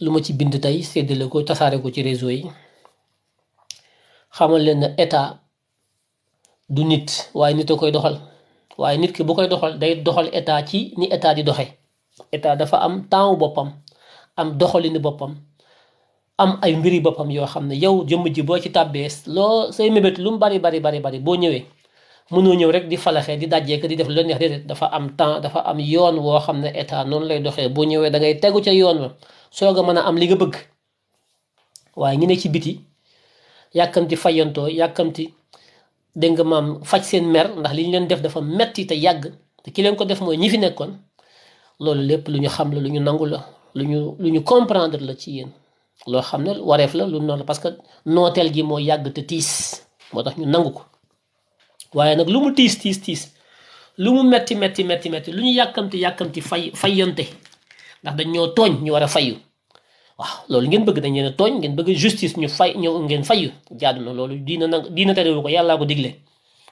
lu ma ci bind tey séddale ko tasaare ko ci réseau yi xamal leen ne état du nit waaye nit a koy doxal waaye nit ki bu koy doxal day doxal état ci ni état di doxe état dafa am temps boppam am doxalinu boppam am ay mbiri boppam yoo xam ne yow jëmm ji boo ci tàbbee loo say mébét lu bari bari bari bari boo ñëwee mënoo ñëw rek di falaxee di dajee ko di def lu neex déedéet dafa am temps dafa am yoon woo xam ne état noonu lay doxee boo ñëwee da ngay tegu ca yoon wa soog a mën a am li nga bëgg waaye ñu ne ci biti yàkkamti fayantoo yàkkamti dégg nga maam faj seen mer ndax li ñu leen def dafa metti te yàgg te ki leen ko def mooy ñi fi nekkoon loolu lépp lu ñu xam la lu ñu nangu la lu ñu lu ñu comprendre la ci yéen loo xam ne wareef la lu noonu parce que nooteel gi moo yàgg te tiis moo tax ñu nangu ko waaye nag lu mu tiis tiis tiis lu mu metti metti metti metti lu ñu yàkkamti yàkkamti fay fayante ndax dañ ñoo tooñ ñu war a fayu waaw loolu ngeen bëgg dañ ne tooñ ngeen bëgg justice ñu fay ñu ngeen fayu jaadu na loolu diina nag diina terewu ko yàllaa ko digle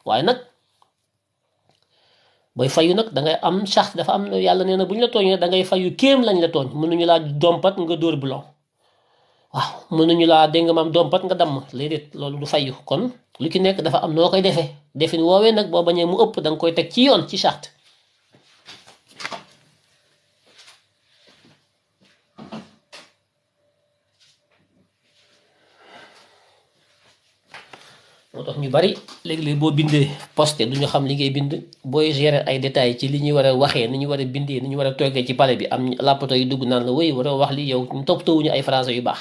waaye nag booy fayu nag dangay am charte dafa am yàlla nee na bu ñu la da ngay fayu kéem lañ la tooñ mënuñu laa dompat nga dóor bulon waaw mënuñu laa dégg nga maam dompat nga damm léeg loolu du fayu kon lu ki nekk dafa am noo koy defee defin woowee nag boo bañee mu ëpp danga koy teg ci yoon ci charte moo tax ñu bari léegi-léegi boo bindee poste du ñu xam li ngay bind booy gérer ay détails ci li ñuy war waxee ni ñu war bindee ni ñu war a toggee ci palais bi am làppato yu dugg naan la wéy war a wax li yow ñu toppatoowuñu ay français yu baax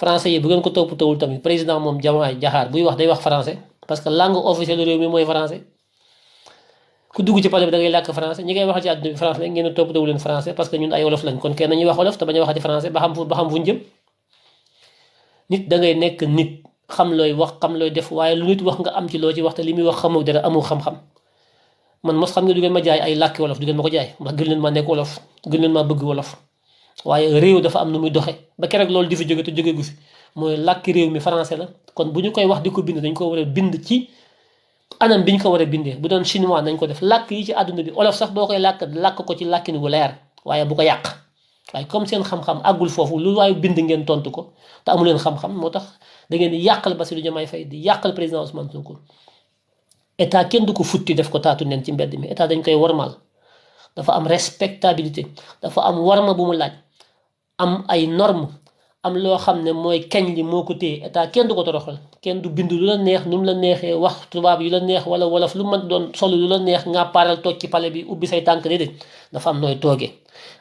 français yi bu ngeen ko wax wax français parce que langue officielle réew mi mooy français ku dugg ci palais bi da ngay làkk français ñi ngay waxal ci àdduna bi français parce que ñun ay wolof lañ kon kenn nañuy wax wolof te bañ a waxati français ba xam fu ba xam fu ñu jëm nit da nekk nit xam looy wax xam looy def waaye lu nit wax nga am ci loo ci wax te li muy wax xamoo dara amoo xam-xam man mos xam nga du ngeen ma jaay ay làkki wolof du ngeen ko jaay ndax gën leen maa nekk wolof gën leen maa bëgg wolof waaye dafa am nu muy doxe ba ke rek loolu di fi jóge te jóge gu fi mooy làkki réew mi français la kon bu ñu koy wax di ko bind dañ ko war a bind ci anam bi ñu ko war a bindee bu doon chinois nañ ko def làkk yi ci àdduna bi olof sax boo koy làkk làkk ko ci làkkin wu leer waaye bu ko yàq waaye comme seen xam-xam àggul foofu lu waaye bind ngeen tontu ko te amu leen xam moo tax da ngeen di yàqal Bassirou Diomaye fay di yàqal président Ousmane Sonko état kenn du ko futti def ko taatu neen ci mbedd mi état dañ koy warmal dafa am respectabilité dafa am warma bu mu laaj am ay norme am loo xam ne mooy kañ li moo ko téye état kenn du ko toroxal kenn du bind la neex nu mu la neexee wax tubaab yu la neex wala wolof lu mën doon solo lu la neex nga paaral toog ci pale bi ubbi say tànk déedéet dafa am nooy toogee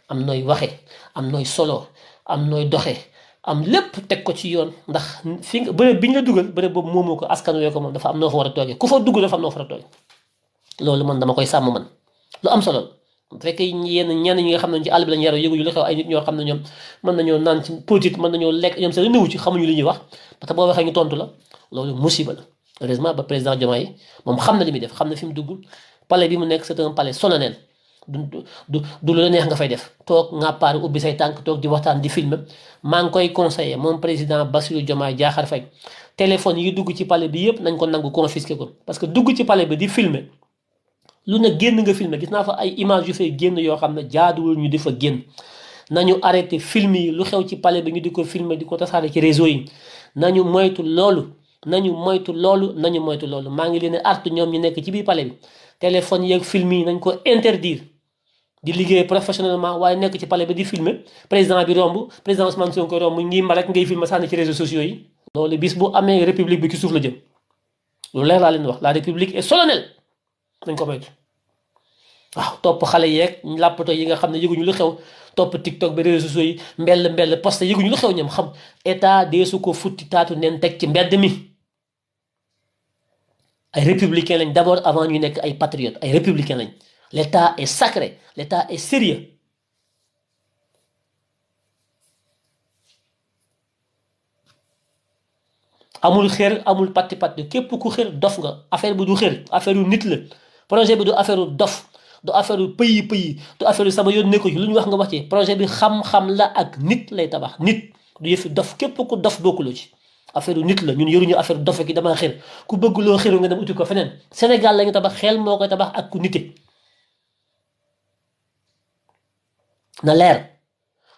am nooy waxe am nooy solo am nooy doxe am lépp teg ko ci yoon ndax fi nga bërëb bi ñu la dugal bërëb boobu moomoo ko askan wee ko moom dafa am noo fa war a toogee ku fa dugg dafa am noo a toogee loolu man dama koy sàmm man lu am solo bu fekkee yenn ñenn ñi nga xam ne ci àll bi ñoo xam ne ñoom nañoo naan ci politique mën nañoo lekk ñoom seen néew ci xamuñu li ñuy wax parce que boo waxee ñu tontu la loolu musiba la heureusement ba président Diomaye moom xam na li muy def xam na fi mu dugg palais bi mu nekk c'est un solo neen du du du lu la neex nga fay def toog nga paar ubbi say tànk toog di waxtaan di film maa ngi koy conseiller moom président Bassirou Diomaye Diakhar Faye téléphone yi dugg ci pale bi yëpp nañ ko nangu confisqué ko parce que dugg ci palais bi di filmer lu ne génn nga filmer gis naa fa ay image yu fay génn yoo xam ne jaaduwul ñu di fa génn nañu arrêté film yi lu xew ci pale bi ñu di ko filmer di ko tasaare ci réseau yi nañu moytu loolu nañu moytu loolu nañu moytu loolu maa ngi leen artu ñoom ñu nekk ci biir pale bi téléphone yeeg film yi nañ ko interdire di liggéey professionnellement waaye nekk ci palais bi di filmer président bi romb président Ousmane Sonko romb ngi mba rek ngay filmer sànni ci réseaux sociaux yi. loolu bis bu amee république bi ci suuf la jëm lu leer laa leen wax la république est solennelle dañ ko moytu waaw topp xale yeeg làppato yi nga xam ne yëguñu lu xew topp tiktok bi réseaux sociaux yi mbell mbell poste yëguñu lu xew ñoom xam état su ko futti taatu neen teg ci mbedd mi. ay républicain lañ avant ñu nekk ay patriotes ay républicain lañ. L'État est sacré, l'État est sérieux. amul xër amul patti patti képp ku xër dof nga affaire bi du xër affaire yu nit la projet bi du affaire yu dof du affaire yu pëyi pëyi du affaire yu sama yoon nekku ci lu ñu wax nga wax ci projet bi xam-xam la ak nit lay tabax nit du yëfi dof képp ku dof bokkuloo ci affaire yu nit la ñun yoruñu affaire dofe ki dama xër ku bëgg loo nga dem uti ko feneen Sénégal la ñu tabax xel moo koy tabax ak ku nite na leer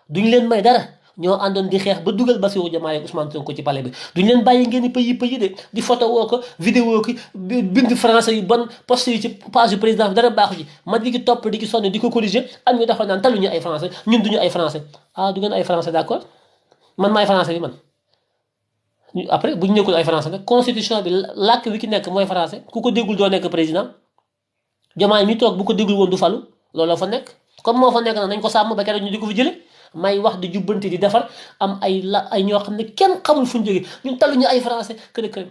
ñu leen may dara ñoo àndoon di xeex ba dugal Bassirou Diomaye ak Ousmane Sonko ci palais bi duñ leen bàyyi ngeen di pëyi pëyi de di photo woo ko vidéo ki bind français yu bon poste yi ci page yu président bi dara baaxu ci ma di ci topp di ci sonn di ko corriger am ñu dafa naan taluñu ay français ñun duñu ay français ah du ngeen ay français d'accord man maay français bi man après bu ñu nekkul ay français nag constitution bi làkk wi ki nekk mooy français ku ko déggul doo nekk président Diomaye mi toog bu ko déggul woon du falu looloo fa nekk comme moo fa nekk nag nañ ko sàmm ba keroog ñu di ko fi jële may wax di jubbanti di defar am ay la ay ñoo xam ne kenn xamul fu ñu jógee ñun ay français kër kër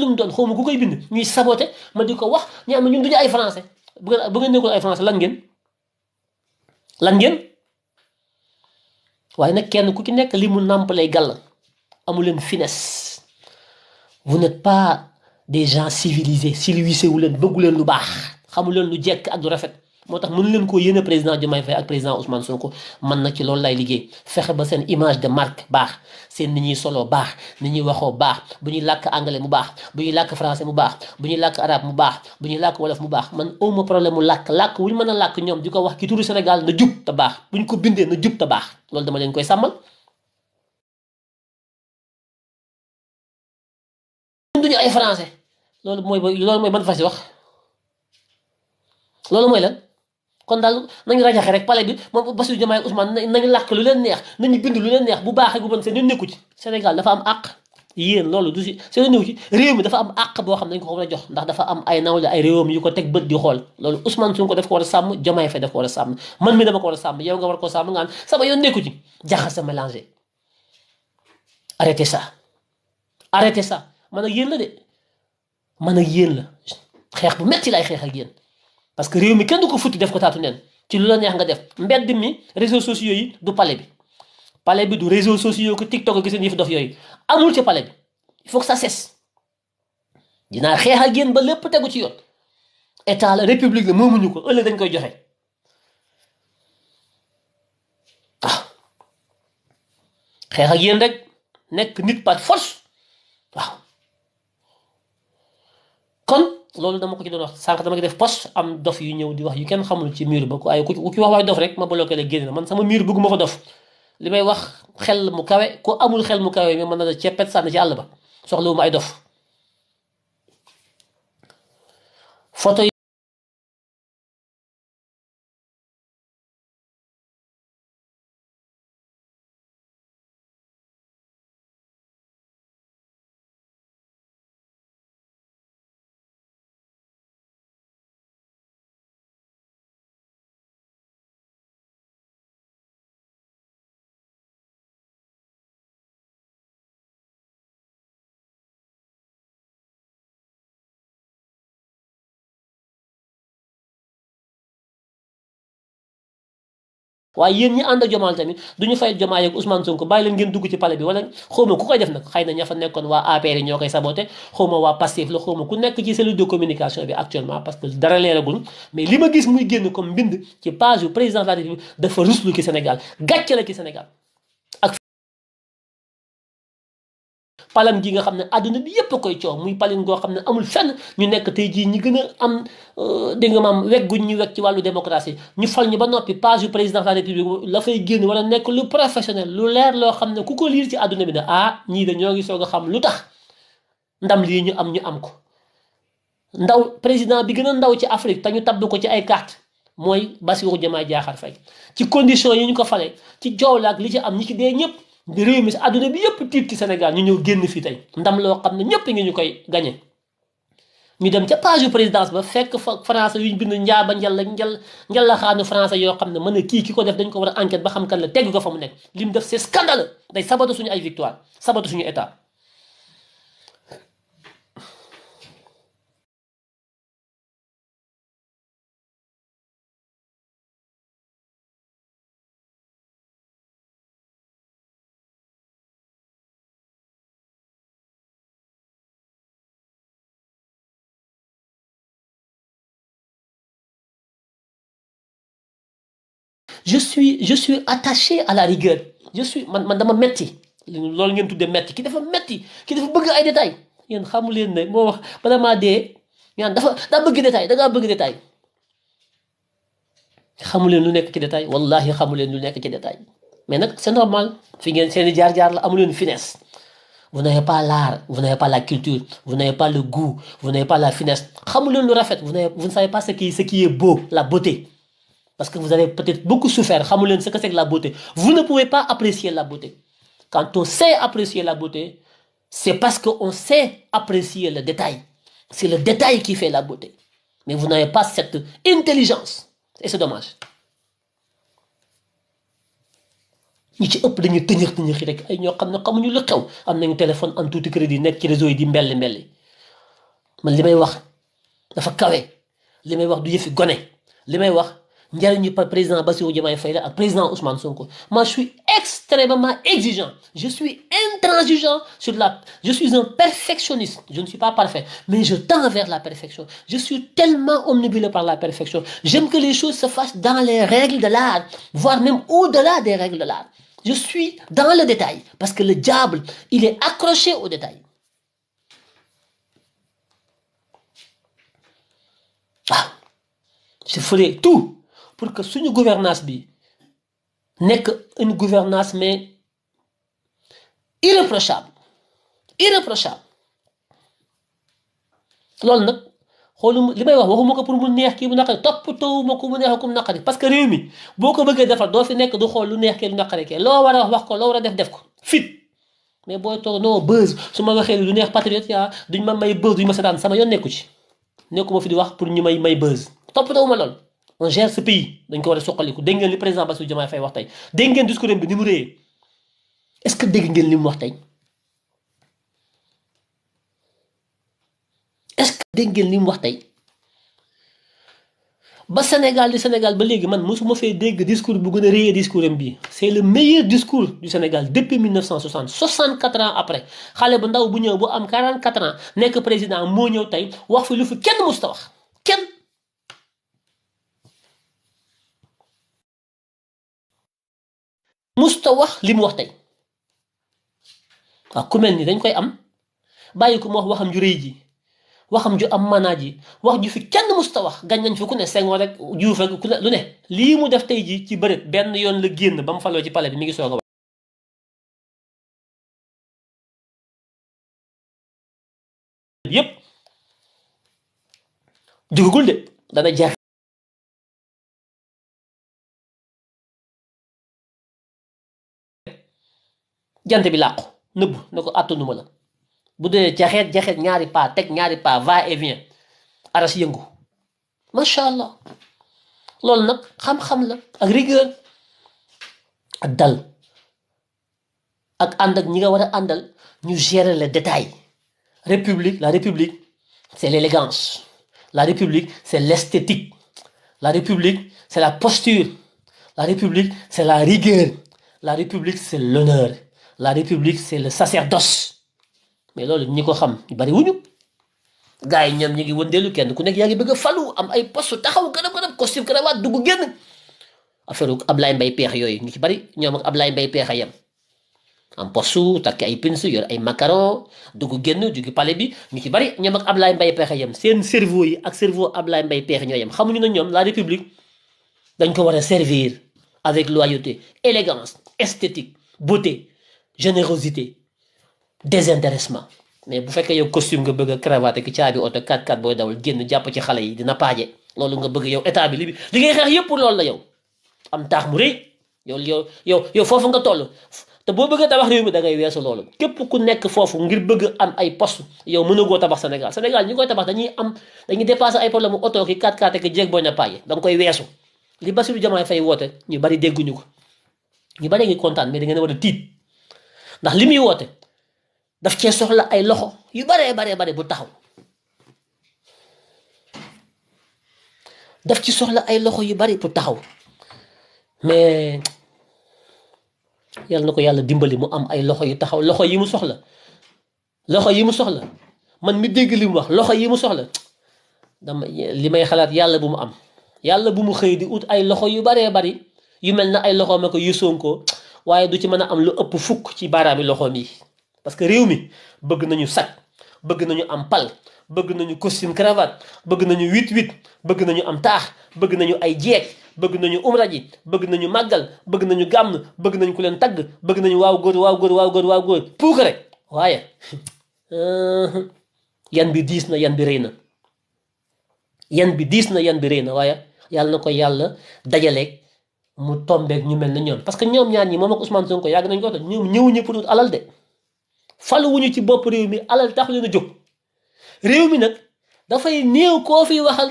lu mu doon xawma ku koy bind ñuy sabote ma di ko wax ñu am ne ñun duñu ay français bu ngeen bu ngeen nekkul ay français lan ngeen lan ngeen waaye nag kenn ku ci nekk li mu nàmpalee gàll amu leen finesse vous n'êtes pas des gens civilisés civilisé wu leen bëggu leen lu baax xamu leen lu jekk ak lu rafet. moo tax mënu leen koo yéene président Diomaye Faye ak président Ousmane ko man nag ci loolu lay liggéey fexe ba seen image de marque baax seen ni ñuy soloo baax ni ñuy waxoo baax bu ñuy làkk anglais mu baax bu ñuy làkk français mu baax bu ñuy làkk arabe mu baax bu ñuy làkk wolof mu baax man awma problème mu làkk làkk wu ñu mën a làkk ñoom di ko wax ci turu Sénégal na jub te baax bu ñu ko bindee na jub te baax loolu dama leen koy sàmmal ay français loolu mooy loolu mooy ban fas wax loolu mooy lan kon dal nañu rajaxe rek palais bi moom Bassirou Diomaye Ousmane nañu làkk lu leen neex nañu bind lu leen neex bu baaxee bu bon seen nekku ci Sénégal dafa am àq yéen loolu du si seen néew ci réew mi dafa am àq boo xam ne dañ ko war a jox ndax dafa am ay nawle ay réewam yu ko teg bët di xool loolu Ousmane Sonko daf ko war a sàmm Diomaye Faye daf ko war man mi dama ko war a sàmm yow nga war koo sama yoon nekku ci jaxase mélangé arrêtez ça arrêtez ça man ak yéen la de man ak yéen la xeex bu metti laay xeex ak yéen parce que réew mi kenn du ko futti def ko taatu neen ci lu la neex nga def mbedd mi réseaux sociaux yi du pale bi pale bi du réseaux sociaux ko TikTok ak seen yëf dof yooyu amul ci palais bi il faut que ça cesse dinaa xeex ak yéen ba lépp tegu ci yoon état république la moomuñu ko ëllëg dañ koy joxe waaw xeex yéen rek nekk nit par force waaw loolu dama ko ci doon wax sànq dama ko def poste am dof yu ñëw di wax yu kenn xamul ci mur ba ku ay ku ci wax waay dof rek ma bloqué la génn man sama mur bëgguma fa dof li may wax xel mu kawe ko amul xel mu kawe mi mën na la ceppet sànni ci àll ba soxlawuma ay dof photo waaye yéen ñi ànd ak jomaal tamit duñu fayal jomaay ak Ousmane Sonko bàyyi leen ngeen dugg ci palais bi wala xawma ku koy def nag xëy na ña fa nekkoon waa APR ñoo koy saboté xawma waa Pastef la xawma ku nekk ci cellule de communication bi actuellement parce que dara leeragul mais li ma gis muy génn comme mbind ci page yu président de la République dafa ruslu ci Sénégal gàcce la ci Sénégal palam gi nga xam ne àdduna bi yépp koy coow muy palin goo xam ne amul fenn ñu nekk tey jii ñi gën a am euh, dégg nga maam wegg guñ ñu wegg ci wàllu démocratie ñu fal ñu ba noppi page yu président de la la fay génn war a nekk lu professionnel lu leer loo xam ne ku ko liir ci àdduna bi ne ah ñii de ñoo ngi soog a xam lu tax ndam lii ñu am ñu am ko ndaw président bi gën a ndaw ci Afrique te ñu tabb ko ci ay carte mooy Bassirou Diomaye Diakhar Faye ci condition yi ñu ko fale ci joow laak li ci am ñi ci dee ñëpp réew mi si àdduna bi yëpp tiit ci Sénégal ñu ñëw génn fii tey ndam loo xam ne ñëpp ngi ñu koy gañe ñu dem ca page présidence ba fekk fa français yu ñu bind njaaba njalla njal njalla xaanu français yoo xam ne mën a kii ki ko def dañ ko war a enquête ba xam ka la tegg ko fa mu nekk li mu def c'est scandale day sabatu suñu ay victoire sabatu suñu état je suis je suis attaché à la rigueur je suis man man dama metti loolu ngeen tuddee metti ki dafa metti ki dafa bëgg ay détails yéen xamu leen ne moo wax bala maa dee ñaan dafa daa bëgg détail da ngaa bëgg détail xamu leen lu nekk ci détail wallahi xamu leen lu nekk ci détail mais nag c'est normal fi ngeen seeni jaar-jaar la amu leen finesse vous n'avez pas l'art vous n'avez pas la culture vous n'avez pas le goût vous n'avez pas la finesse xamu leen lu rafet vous n'avez ne savez pas ce qui ce qui est beau la beauté Parce que vous avez peut-être beaucoup souffert. ce que c'est que la beauté. Vous ne pouvez pas apprécier la beauté. Quand on sait apprécier la beauté, c'est parce qu'on sait apprécier le détail. C'est le détail qui fait la beauté. Mais vous n'avez pas cette intelligence. Et c'est dommage. ñi ci ëpp dañu tëñëx yi rek ay ñoo xam ne xamuñu lu xew am nañu téléphone am tuuti crédit nekk ci réseau yi di mbelli mbelli man li may wax dafa kawe li may wax du yëfi gone li may wax njëriñu président Bassirou Diomaye Faye la ak président Ousmane Sonko moi je suis extrêmement exigeant je suis intransigeant sur la je suis un perfectionniste je ne suis pas parfait mais je tends vers la perfection je suis tellement omnibulé par la perfection j'aime que les choses se fassent dans les règles de l'art voire même au-delà des règles de l'art je suis dans le détail parce que le diable il est accroché au détail pour que suñu gouvernance bi nekk une gouvernance mais irréprochable irréprochable loolu nag xooluma li may wax waxuma ko pour mu neex kii mu topp toppatoo ma ku mu neex ko mu naqari parce que réew boo ko bëggee defal doo fi nekk du xool lu neex kee lu loo war a wax ko loo war a def def ko fit mais boo toog non buzz su ma waxee lu neex patriote yaa duñ ma may buzz duñ ma seetaan sama yoon nekku ci nekkuma fi di wax pour ñu may may buzz toppatoo ma lool. on gère ce dañ ko war a suqaliku dégg ngeen li président Bassirou Diomaye Faye wax tey dégg ngeen discours bi est-ce que dégg ngeen li mu wax tey est-ce que dégg ngeen li mu wax tey ba Sénégal di Sénégal ba léegi man mosuma fee dégg discours bu gën a réyee discours am bii c'est le meilleur discours du Sénégal depuis 1960 64 ans après xale bu ndaw bu ñëw bu am 44 ans nekk président moo ñëw tey wax fi lu fi kenn mosut wax kenn. musta wax li mu wax tey waaw ku mel nii dañ koy am bàyyi ku mu wax waxam ju rëy ji waxam ju am maanaa ji wax ju fi kenn musta wax gañ nañ fi ku ne Senghor rek Diouf rek ku ne lu ne lii mu def tey ji ci bërët benn yoon la génn ba mu faloo ci palais bi mi ngi soog a wax yépp jugugul de dana jar jant bi làqu nëbb na ko àttanuma la bu dee jaxeet jaxeet ñaari pas teg ñaari pas va et vient aras yëngu macha allah loolu nag xam-xam la ak rigueur ak dal ak ànd ak ñi nga war a àndal ñu gérer les détails république la république c'est l'élégance la république c'est l'esthétique la république c'est la posture la république c'est la rigueur la république c'est l'honneur la république c'est le sacerdoce mais loolu ñi ko xam bari wuñu gars yi ñoom ñi ngi wëndeelu kenn ku nekk yaa ngi bëgg a falu am ay postu taxaw gërëm gërëm costume cravate dugg génn affaire Ablaye Mbaye peex yooyu ñu ci bari ñoom ak Ablaye Mbaye peex a yem am postu takk ay pins yor ay macaron dugg génn jugi pale bi ñu ci bari ñoom ab Ablaye Mbaye peex a yem seen cerveau yi ak servo ab Ablaye Mbaye peex ñoo yem xamuñu ne ñoom la république dañ ko war a servir avec loyauté élégance esthétique beauté générosité désintéressement mais bu fekkee yow costume nga bëgg a cravate ki caabi oto 4-4 booy dawal génn jàpp ci xale yi dina paaje loolu nga bëgg yow état bi li bi ngay xeex yëpp loolu la yow am taax mu rëy yow yow yow yow foofu nga toll te boo bëgg a tabax réew da ngay weesu loolu képp ku nekk foofu ngir bëgg am ay post yow mënagoo tabax Sénégal Sénégal ñi koy tabax dañuy am dañuy dépassé ay problème oto ki 4-4 ak jéeg booy na paaje da nga koy weesu li Bassirou Diomaye Faye woote ñu bari dégguñu ko ñu bari ngi kontaan mais da ngeen war a tiit ndax li muy woote daf cee soxla ay loxo yu baree baree bare bu taxaw daf ci soxla ay loxo yu bari bu taxaw mais yàlla na ko yàlla dimbali mu am ay loxo yu taxaw loxo yi mu soxla loxo yi mu soxla man mi dégg li mu wax loxo yi mu soxla dama li may xalaat yàlla bu mu am yàlla bu mu xëy di ut ay loxo yu baree bari yu mel na ay loxo ma yu Sonko waaye du ci mën a am lu ëpp fukk ci baaraami loxoom yi parce que réew mi bëgg nañu sac bëgg nañu am pal bëgg nañu costume cravate bëgg nañu huit huit bëgg nañu am taax bëgg nañu ay jeeg bëgg nañu umra ji bëgg nañu màggal bëgg nañu gàmm bëgg nañu ku leen tagg bëgg nañu waaw góor waaw góor waaw góor waaw góor rek waaye yan bi diis na yan bi rëy na yan bi diis na yan bi rëy na waaye yàlla na ko yàlla dajaleeg mu tombeek ñu mel na ñoom parce que ñoom ñaan ñi moom ak Ousmane Sonko yàgg nañ ko te ñoom ñëwuñu pour alal de faluwuñu ci bopp réew mi alal tax leen a jóg réew mi nag dafay néew koo fi waxal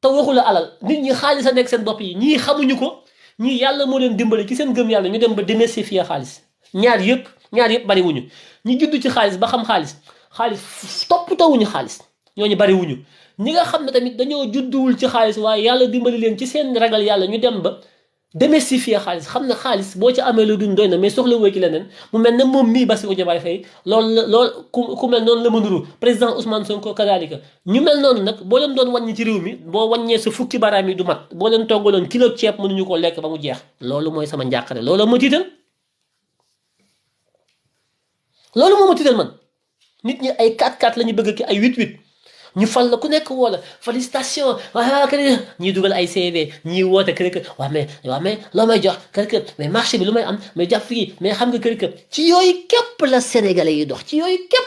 te waxu nit ñi xaalis a nekk seen yi ñii xamuñu ko ñii yàlla moo leen dimbale ci gëm yàlla ñu dem ba démystifier xaalis ñaar yëpp ñaar yëpp bariwuñu ñi juddu ci xaalis ba xam xaalis xaalis toppatawuñu xaalis ñooñu bariwuñu ñi nga xam ne tamit dañoo judduwul ci xaalis waaye yàlla dimbali leen ci seen ragal yàlla ñu dem ba démystifier xaalis xam na xaalis boo ci amee lu duñ doy na mais soxla woo ci leneen mu mel ne moom mii Bassirou Diomaye Faye loolu la loolu ku ku mel noonu la ma nuru président Ousmane Sonko ñu mel nag boo leen doon wàññi ci réew mi boo wàññee sa fukki baraam yi du mat boo leen toggaloon kilo ceeb mënuñu ko lekk ba mu jeex loolu mooy sama njàqare loolu ma tiital moo ma tiital man nit ñi ay 4-4 la ñu bëgg ki ay 8-8 ñu fal la ku nekk woo la félicitation waa ah, kër ñuy dugal ay CV ñuy woote kër kër waa mais waa loo may jox kër kër mais marché bi lu may am mais jàpp fii mais xam nga kër kër ci yooyu képp la Sénégalais yi dox ci yooyu képp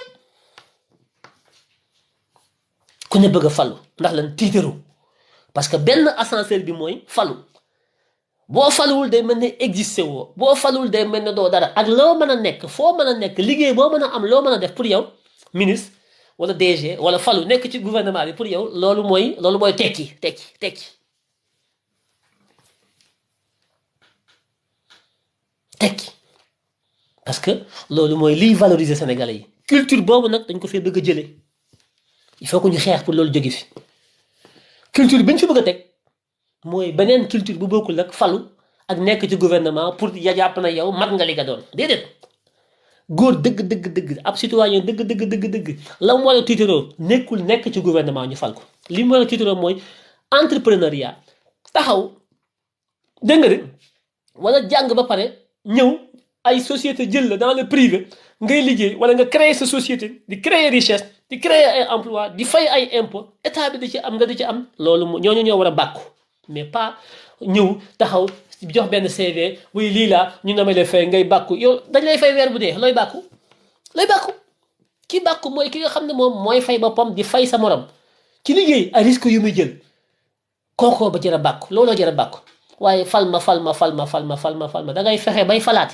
ku ne bëgg a falu ndax lan tiitaru parce que benn ascenseur bi mooy falu boo faluwul day mel ne existé woo boo faluwul day mel ne doo dara ak loo mën a nekk foo mën a nekk liggéey boo mën a am loo mën a def pour yow wala DG wala falu nekk ci gouvernement bi pour yow loolu mooy loolu mooy tekki tekki tekki tekki parce que loolu mooy liy valoriser Sénégalais yi culture boobu nag dañ ko fee bëgg a jëlee il faut que ñu xeex pour loolu jóge fi culture bi fi bëgg a teg mooy beneen culture bu bokkul nag falu ak nekk ci gouvernement pour ya na yow mat nga li nga doon déedéet. góor dëgg dëgg dëgg ab citoyen dëgg dëgg dëgg dëgg la mu war a tiitaroo nekkul nekk ci gouvernement ñu fal ko li mu war a tiitaroo mooy entrepreneuriat taxaw dégg nga de wala jàng ba pare ñëw ay société jël la dans le privé ngay liggéey wala nga créer sa société di créer richesse di créer ay emploi di fay ay impôt état bi di ci am nga di ci am loolu ñooñu ñoo war a bàkku mais pas ñëw taxaw jox benn CV wuy lii laa ñu ne ma lay fay ngay bàkku yow dañ lay fay weer bu dee looy bàkku looy bàkku ki bàkku mooy ki nga xam ne moom mooy fay boppam di fay sa morom ci liggéey ay risque yu muy jël kookoo ba jar a bàkku looloo jar a bàkku waaye fal ma fal ma fal ma fal ma fal ma fal ma da ngay fexe bay falaat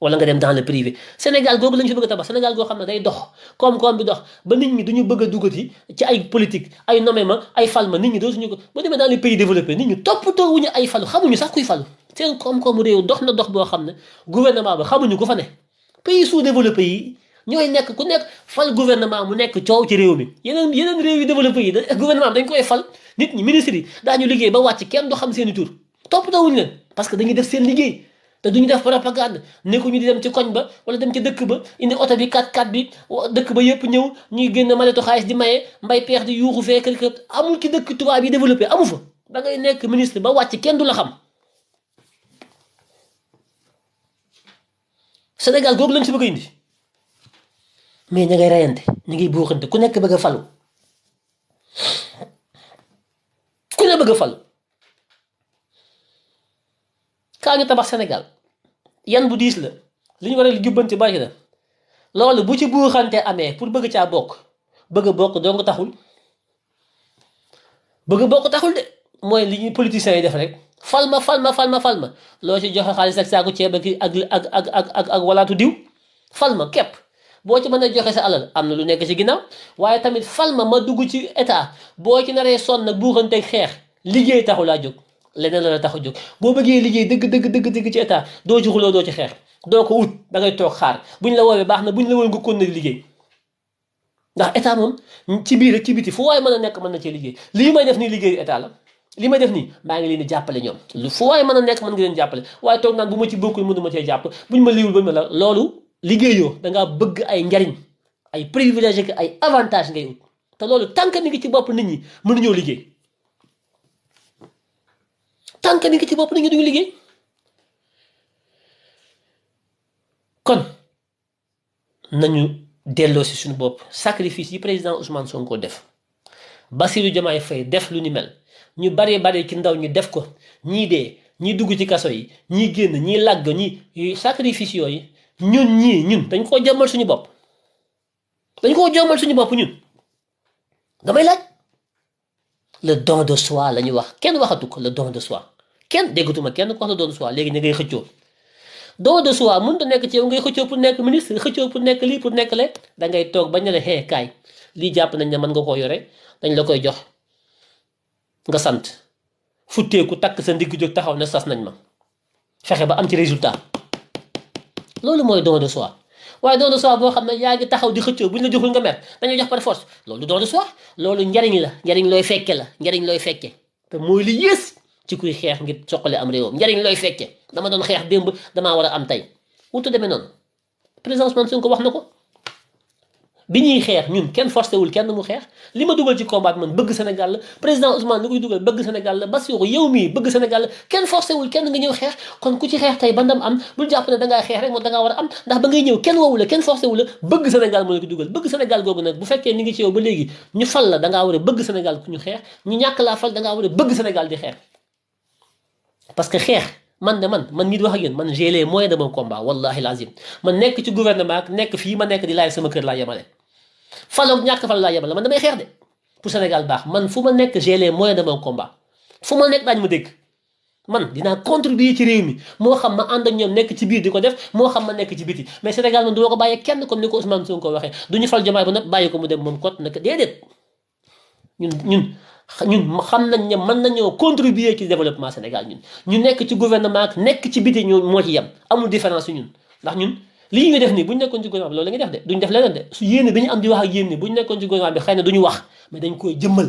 wala nga dem dans le privé Sénégal googu lañ fi bëgg a tabax Sénégal goo xam ne day dox koom-koom bi dox ba nit ñi ñu bëgg a duggati ci ay politique ay nommé ma ay fal ma nit ñi dootuñu ko boo demee dans les pays développés nit ñi toppatoo wuñu ay falu xamuñu sax kuy falu seen koom-koomu réew dox na dox boo xam ne gouvernement ba xamuñu ku fa ne pays sous-développé yi ñooy nekk ku nekk fal gouvernement mu nekk coow ci réew mi yeneen yeneen réew yu développé yi gouvernement dañ koy fal nit ñi ministres yi daañu liggéey ba wàcc kenn du xam seen i tur toppatoo wuñu leen parce que dañu def seen liggéey te duñu def propagande ñu di dem ci koñ ba wala dem ci dëkk ba indi oto bi 4 x bi dëkk ba yëpp ñëw ñuy génn maletu xaalis di maye mbay peex di yuuxu fee kër kër amul ci dëkk tubaab yi développé amu fa da ngay nekk ministre ba wàcc kenn du la xam Sénégal googu lañ si bëgg indi mais ña ngay reyante ñu ngi buuxante ku nekk bëgg a falu ku ne bëgg a falu kaa ñu tabax Sénégal yan bu diis la li ñu war a jubbanti bari na loolu bu ci buuxante amee pour bëgg caa bokk bëgg bokk dong taxul bëgg bokk taxul de mooy li ñuy politiciens yi def rek falma falma falma falma loo ci joxe xaalis ak saaku ceeb ak ak ak ak ak walaatu diw falma képp boo ci mën a joxe sa alal am na lu nekk ci ginnaaw waaye tamit falma ma dugg ci état boo ci naree sonn nag buuxanteeg xeex liggéey taxul laa jóg. leneen la la tax a jóg boo bëggee liggéey dëgg dëgg dëgg dëgg ci état doo ci xuloo doo ci xeex doo ko ut da ngay toog xaar buñ la woowee baax na buñ la woowee nga kon na liggéey ndax état moom ci biir ci biti fu mën a nekk mën na cee liggéey lii may def nii liggéey état la li may def nii maa ngi leen di jàppale ñoom lu fu waaye mën a nekk mën nga leen jàppale waaye toog naan ma ci bokkul mënu ma cee jàpp buñ ma liwul ba loolu liggéeyoo dangaa bëgg ay njariñ ay privilège ay avantage ngay ut te loolu tànk ni ngi ci bopp nit ñi mënuñoo liggéey tànk mi ngi ci bopp nañu duñu liggéey kon nañu delloo si suñu bopp sacrifice yi président Ousmane Sonko def ba Bassirou Diomaye fay def lu ni mel ñu bare bare ci ndaw ñu def ko ñii dee ñii dugg ci kaso yi ñii génn ñii làgg ñii sacrifice yooyu ñun ñii ñun dañ koo jommal suñu bopp dañ koo jommal suñu bopp ñun damay laaj le don de soi la ñuy wax kenn waxatu ko la don de soi kenn déggatuma kenn ko wax le don de soi léegi ni ngay xëccoo don de soi mënut nekk ci yow ngay xëccoo pour nekk ministre xëccoo pour nekk lii pour nekk le da ngay toog bañ ne la xee kaay lii jàpp nañ ne mën nga koo yore dañ la koy jox nga sant futteeku takk sa ndigg jóg taxaw ne sas nañ ma fexe ba am ci résultat loolu mooy don de soi waaye don de soi boo xam ne yaa ngi taxaw di xëccoo buñ la joxul nga mer dañoo jox par force loolu don de soi loolu njariñ la njariñ looy fekke la njariñ looy fekke te mooy li yées ci kuy xeex ngir soqale am réewam njariñ looy fekke dama doon xeex démb damaa war am tey wutu demee noonu président Ousmane Sonko wax na ko bi ñuy xeex ñun kenn forcé wul kenn mu xeex li ma dugal ci combat man bëgg Sénégal la président Ousmane li koy dugal bëgg Sénégal la Bassirou yow mii bëgg Sénégal kenn nga ñëw xeex kon ku ci xeex tey ba ndam am bul jàpp ne da ngaa xeex rek moo da ngaa a ndax ba ngay ñëw kenn woowu kenn forcé wu la bëgg Sénégal moo dugal bëgg Sénégal ngi ci yow la da ngaa war a bëgg Sénégal ñu xeex ñu ñàkk laa fal da a bëgg Sénégal di xeex parce que xeex man de man man nit wax ak yéen man j'ai les moyens de mon combat wallahi lazim man nekk ci gouvernement ak nekk fii ma nekk di laaj sama kër laa yemale faloog ñàkk fal laa yemale man damay xeex de pour Sénégal baax man fu ma nekk j'ai les moyens de combat fu ma nekk daañu ma dégg man dinaa contribuer ci réew mi moo xam ma ànd ak ñoom nekk ci biir di ko def moo xam ma nekk ci biti mais Sénégal man du ma kenn comme ni ko Ousmane Sonko ko waxee du ñu fal Diomaye ba nag bàyyi ko mu dem moom kot nag déedéet ñun ñun ñun xam nañ ne mën nañoo contribuer ci développement Sénégal ñun ñu nekk ci gouvernement ak nekk ci biti ñu moo ci yem amul différence ñun ndax ñun. lii ñu def nii bu ñu nekkoon ci gouvernement bi loolu la nga def de duñ def leneen de su yéene bi ñu am di wax ni duñu wax mais dañ koy jëmmal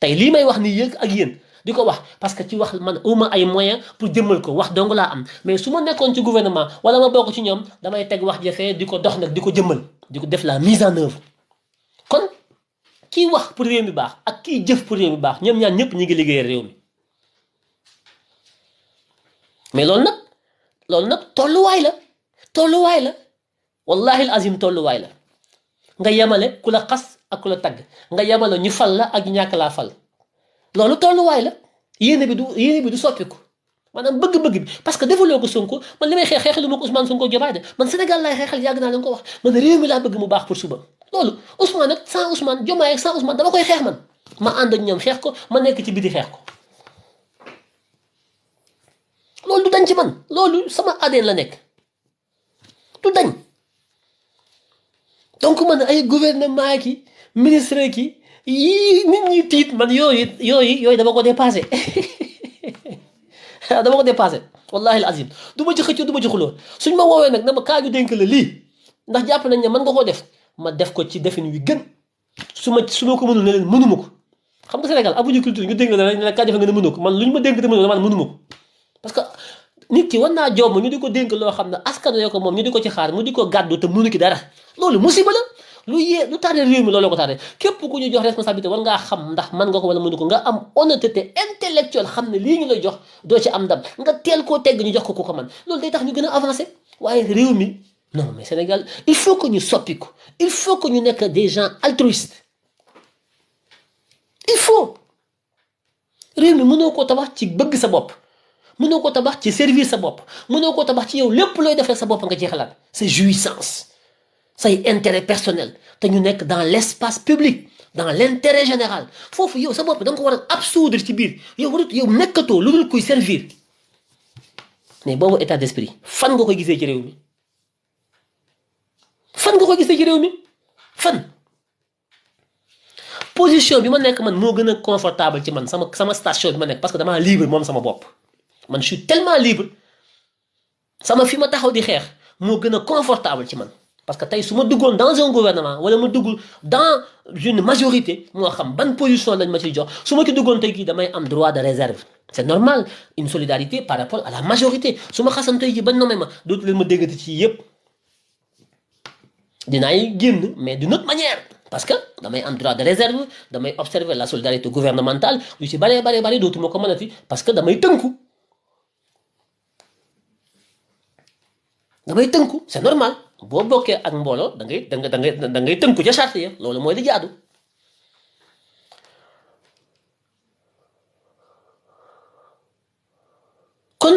tey lii may wax nii yëg ak yéen di ko wax parce que ci wax man uma ay moyen pour jëmmal ko wax dong laa am mais su ma nekkoon ci gouvernement wala ma bokk ci ñoom damay teg wax jafe di ko dox nag di ko jëmmal di ko def la mise en œuvre kon kii wax pour réew mi baax ak kii jëf pour réew mi baax ñoom ñaan ñëpp ñu ngi liggéeyal réew mi mais loolu nag loolu nag tolluwaay la tolluwaay la wallahi azim tolluwaay la nga yemale ku la xas ak ku la tagg nga yemale ñu fal la ak ñàkk laa fal loolu tolluwaay la yéene bi du yéene bi du soppiku maanaam bëgg-bëgg bi parce que defaloo ko Sonko man li may xeex xeexalu ma ko Ousmane Sonko Diomaye de man Sénégal laay xeexal yàgg naa leen ko wax man réew mi laa bëgg mu baax pour suba loolu Ousmane ak sans Ousmane Diomaye ak sans Ousmane dama koy xeex man ma ànd ak ñoom xeex ko ma nekk ci biti xeex ko loolu du dañ ci man loolu sama ADN la nekk. du dañ donc man ay gouvernement ki ministre ki yii nit ñi tiit man yooyu yooyu yooyu dama ko dépassé dama ko dépassé wallahi azim du ma ci xëccoo du ma ci xuloo suñ ma woowee nag na ma ju denk la lii ndax jàpp nañ ne mën nga koo def ma def ko ci defin wi gën su ma su ma ko mënul ne leen mënuma ko xam nga Sénégal amuñu culture ñu dénk la ne la kaa defe nga ne mënoo ko man luñ nit ki war naa jomm ñu di ko dénk loo xam ne askan wi ko moom ñu di ko ci xaar mu di ko gàddu te mënu ki dara loolu musiba la lu yee lu tardé réew mi loolu ko tardé képp ku ñu jox responsabilité war ngaa xam ndax man nga ko wala mënu ko nga am honnêteté intellectuelle xam ne lii ñu lay jox doo ci am ndam nga teel koo tegg ñu jox ko ku ko man loolu day tax ñu gën a avancé waaye réew mi non mais Sénégal il faut que ñu soppi ko il faut que ñu nekk des gens altruistes il faut réew mi mënoo koo tabax ci bëgg sa bopp mënoo ko tabax ci servir sa bopp mënoo ko tabax ci yow lépp looy def rek sa bopp nga jeex xalaat sa jouissance say intérêt personnel te ñu nekk dans l' espace public dans l' intérêt général foofu yow sa bopp da nga ko war a absoudre ci biir yow warut yow nekkatoo lu dul koy servir mais boobu état d' esprit fan nga koy gisee ci réew mi fan nga koy gisee ci réew mi fan position bi ma nekk man moo gën a confortable ci man sama sama station bi ma nekk parce que damaa libre moom sama bopp man je suis tellement libre sama fi ma taxaw di xeex moo gën a confortable ci man parce que tey su ma duggoon dans un gouvernement wala ma dugg dans une majorité moo xam ban position lañ ma ciy jox su ma ci duggoon tey jii damay am droit de réserve c'est normal une solidarité par rapport à la majorité su ma xasan tey jii ba nommé ma dootu leen ma déggati ci yépp dinaay génn mais d'une autre manière parce que damay am droit de réserve damay observer la solidarité gouvernementale yu ci bare bare bare dootu ma ko mënati que damay tënku da ngay tënku c'est normal boo bokkee ak mbooloo da ngay da nga da ngay da ngay ca charte ya loolu mooy li jaadu kon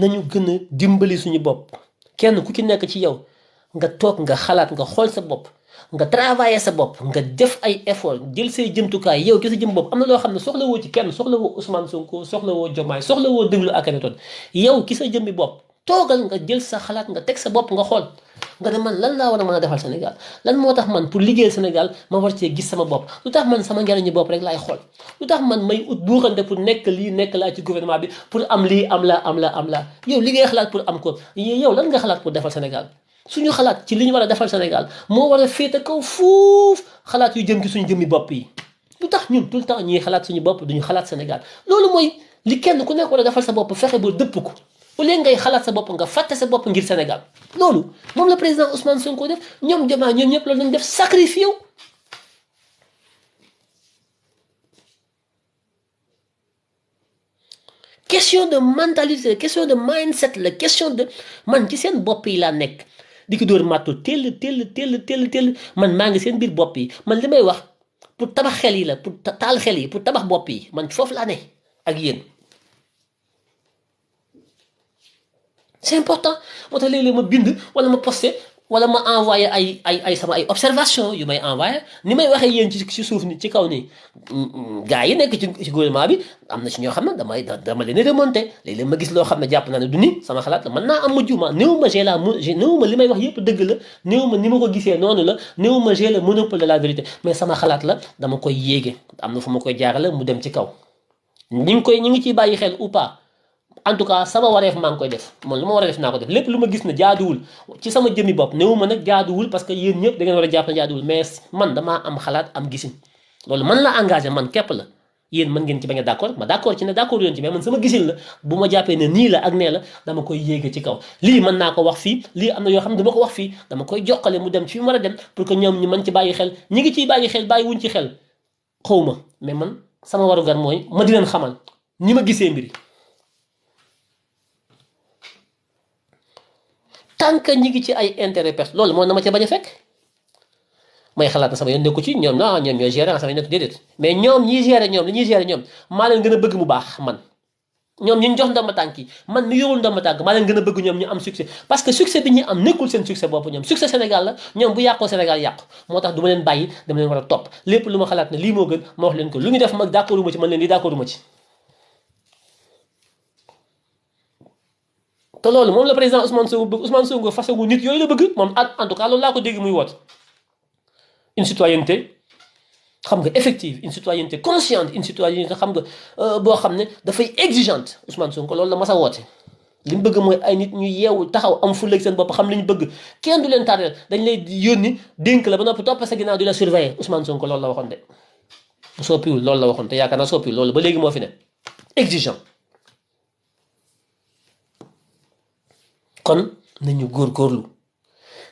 nañu gën a dimbali suñu bopp kenn ku ci nekk ci yow nga toog nga xalaat nga xool sa bopp nga travailler sa bopp nga def ay effort jël say jëmtukaay yow ci sa jëm bopp am na loo xam ne soxlawoo ci kenn soxlawoo Ousmane Sonko soxlawoo Diomaye soxlawoo déglu ak yow ki sa jëmmi bopp. toogal nga jël sa xalaat nga teg sa bopp nga xool nga ne man lan laa war a mën a defal Sénégal lan moo tax man pour liggéeyal Sénégal ma war cee gis sama bopp lu tax man sama njariñu bopp rek laay xool lu tax man may ut buuxante pour nekk lii nekk laa ci gouvernement bi pour am lii am la am la am la yow li ngay xalaat pour am ko yow lan nga xalaat pour defal Sénégal suñu xalaat ci li ñu war a defal Sénégal moo war féete kaw fuuf xalaat yu jëm ci suñu jëmmi bopp yi lu tax ñun tout le ñuy xalaat suñu bopp duñu xalaat Sénégal loolu mooy li kenn ku nekk war a defal sa bopp fexe ba dëpp ko au ngay xalaat sa bopp nga fàtte sa bopp ngir Sénégal loolu moom la président Ousmane Sonko def ñoom Diomaye ñoom ñëpp loolu lañ def sacrifié wu question de mentalité la question de mindset la question de man ci seen bopp yi laa nekk di ko door màttu tell tell tell tell tell man maa ngi seen biir bopp yi man li may wax pour tabax xel yi la pour taal xel yi pour tabax bopp yi man foofu la ne ak yéen c'est important moo tax léeg-léeg ma bind wala ma posté wala ma envoyé ay ay ay sama ay observation yu may envoyé ni may waxee yéen ci suuf ni ci kaw ni gaa yi nekk ci gouvernement bi am na si ñoo xam ne damay dama leen remonté léeg-léeg ma gis loo xam ne jàpp naa ne du ni sama xalaat la am ma juuma néew ma j'ai la néew ma li may wax yëpp dëgg la néew ma ni ma ko gisee noonu la néew ma j'ai le monopole de la vérité mais sama xalaat la dama koy yéege am na fu ma koy jaarale mu dem ci kaw ñi ngi koy ñi ngi ciy bàyyi xel ou pas en tout cas sama wareef maa ngi koy def man lu ma war a def naa ko def lépp lu ma gis ne jaaduwul ci sama jëmmi bopp néewu ma nag jaaduwul parce que yéen ñëpp da ngeen war a jàpp ne jaaduwul mais man damaa am xalaat am gisin loolu man la engagé man képp la yéen man ngeen ci bañ a d'accord ma d'accord ci ne d'accord yoon ci mais man sama gisin la bu la ak nee la dama koy yéege ci kaw lii mën naa ko wax fii lii am na yoo xam ne dama ko wax fii dama koy joxale mu dem ci fi a dem pour que ñoom ñu mën ci bàyyi xel ñi ngi ciy bàyyi xel bàyyi wuñ ci xel xaw ma mais man sama warugar mooy ma di leen xamal ni ma gisee mbiri tant que ñi ngi ci ay intérêt perso loolu moo na ma bañ a fekk may xalaat na sama yoon nekku ci ñoom na ñoom ñooy gérer sama mais ñoom ñiy gérer ñoom li ñuy gérer ñoom maa leen gën a bëgg baax man ñoom ñu jox ndomba tànk yi man ñu yorul ndomba tànk maa leen gën a bëgg ñoom ñu am succès parce que succès bi ñu am nekkul seen succès bopp ñoom succès Sénégal la ñoom bu yàqoo Sénégal yàqu moo tax duma leen bàyyi dama leen war a topp lépp lu ma xalaat ne lii moo gën ma wax leen ko lu ñu def mag d'accorduma ci man leen lii d'accorduma ci te loolu moom la président Ousmane Sonko bëgg Ousmane Sonko façon nit yooyu la bëgg moom en tout cas loolu laa ko dégg muy woot une citoyenneté xam nga effective une citoyenneté consciente une citoyenneté xam nga euh, boo xam ne dafay exigeante Ousmane Sonko loolu la mas a woote li mu bëgg ay nit ñu yeewu taxaw am fulla ak seen bopp xam li bëgg kenn du leen tardeel dañ lay yónni dénk la ba noppi topp sa ginnaaw di la surveiller Ousmane Sonko loolu la waxoon de soppiwul loolu la waxoon te yaakaar naa loolu ba léegi moo fi ne exigeant kon nañu góor góorlu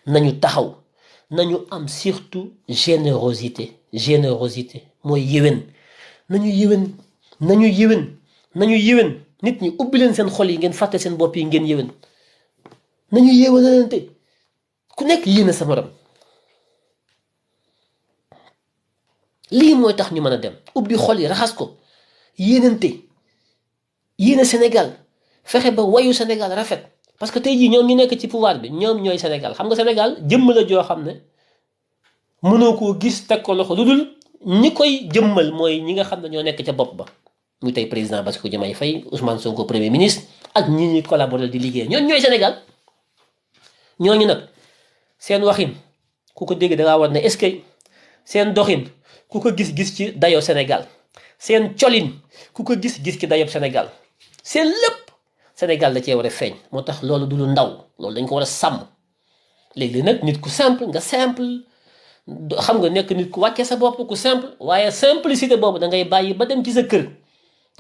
nañu taxaw nañu am surtout générosité générosité mooy yéwén nañu yéwén nañu yéwén nañu yéwén nit ñi ubbi leen seen xol yi ngeen fàtte seen bopp yi ngeen yéwén nañu yéwénalante ku nekk yéene sa lii mooy tax ñu mën a dem ubbi xol yi raxas ko yéenante yéene Sénégal fexe ba wayu Sénégal rafet parce que tey jii ñoom ñu nekk ci pouvoir bi ñoom ñooy Sénégal xam nga Sénégal jëmm joo xam ne mënoo koo gis teg ko loxo lu dul ñi koy jëmmal mooy ñi nga xam ne ñoo nekk ca bopp ba muy tey président Bassirou Diomaye Faye Ousmane Sonko premier ministre ak ñi ñuy collaborer di liggéey ñoom ñooy Sénégal ñooñu nag seen waxin ku ko dégg da ngaa war ne est-ce que seen doxin ku ko gis-gis ci dayoo Sénégal seen colin ku ko gis-gis ci dayoo Sénégal Sénégal da cee war a feeñ moo tax loolu du lu ndaw loolu dañ ko war a sàmm léegi nag nit ku simple nga simple xam nga nekk nit ku wàccee sa bopp ku simple waaye simplicité boobu dangay bàyyi ba dem ci sa kër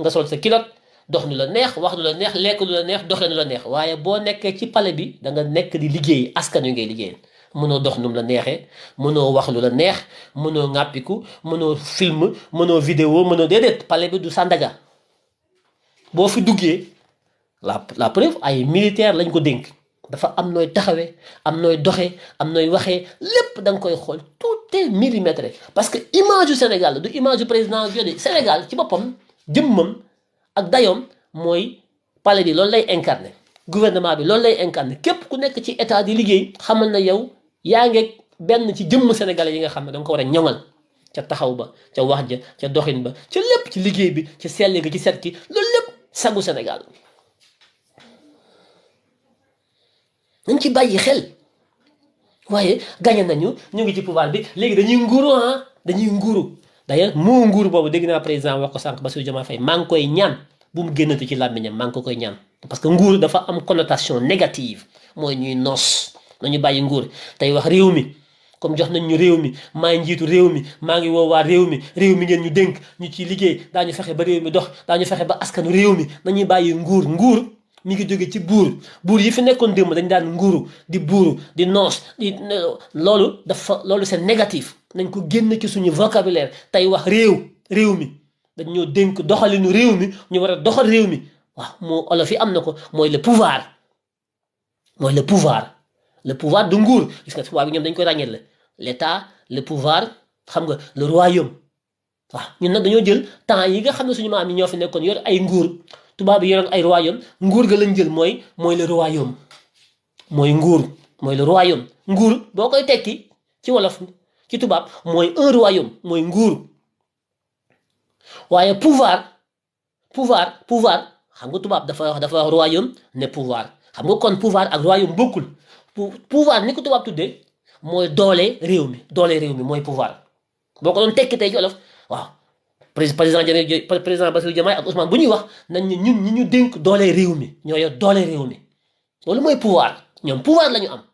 nga sol sa kilot dox nu la neex wax nu la neex lekk nu la neex doxle nu la neex waaye boo nekkee ci pale bi danga nekk di liggéey askan wi ngay liggéeyal mënoo dox nu la neexee mënoo wax lu la neex mënoo ŋàppiku mënoo film mënoo vidéo mënoo déedéet pale bi du sàndaga boo fi duggee la la preuve ay militaire lañ ko dénk dafa am nooy taxawee am nooy doxee am nooy waxee lépp da nga koy xool tout est millimétré parce que image Sénégal du image président yooyu Sénégal ci boppam jëmmam ak dayoom mooy palais bi lool lay incarné gouvernement bi loolu lay incarné képp ku nekk ci état di liggéey xamal na yow yaa ngeeg benn ci jëmm sénégalais yi nga xam ne da ko war a ñoŋal ca taxaw ba ca wax ja ca doxin ba ca lépp ci liggéey bi ci sell ci set ki loolu lépp sagu Sénégal nañ ci bàyyi xel waaye gagné nañu ñu ngi ci pouvoir bi léegi dañuy nguuru ah dañuy nguuru d'ailleurs moo nguur boobu dégg naa président wax ko sànq Bassirou Diomaye Faye maa ngi koy ñaan bu mu génnatu ci làmmiñam maa ngi ko koy ñaan parce que nguur dafa am connotation négative mooy ñuy noos nañu bàyyi nguur tey wax réew mi comme jox nañ ñu réew mi maay njiitu réew mi maa ngi woo waa réew mi réew mi ngeen ñu dénk ñu ciy liggéey daañu fexe ba réew mi dox daa ñu fexe ba askanu réew mi nañuy bàyyi nguur nguur mi ngi jóge ci buur buur yi fi nekkoon démb dañ daan nguuru di buur di noos di loolu dafa loolu seen négatif nañ ko génn ci suñu vocabulaire tey wax réew réew mi dañ ñoo dénk doxalinu réew mi ñu war a doxal réew mi waaw moo olof yi am na ko mooy le pouvoir mooy le pouvoir le du nguur gis nga tubaab bi ñoom dañ koy ràññee le l'état le pouvoir xam nga le royaume waaw ñun nag dañoo jël temps yi nga xam ne suñu maam yi ñoo fi nekkoon yor ay nguur tubaab yi yoroon ay royaume nguur ga lañ jël mooy mooy le royaume mooy nguur mooy le royaume nguur boo koy tekki ci wolof ki tubaab mooy un royaume mooy nguur waaye pouvoir pouvoir pouvoir xam nga tubaab dafa wax dafa wax royaume ne pouvoir xam nga kon pouvoir ak royaume bokkul pouvoir ni ko tubaab tuddee mooy doole réew mi doole réew mi mooy pouvoir boo tekki tey ci wolof président président Bassirou Diomaye ak Ousmane bu ñuy wax nañ ñun ñi ñu dénk doole réew mi ñoo yor doole réew mi loolu mooy pouvoir ñoom pouvoir la ñu am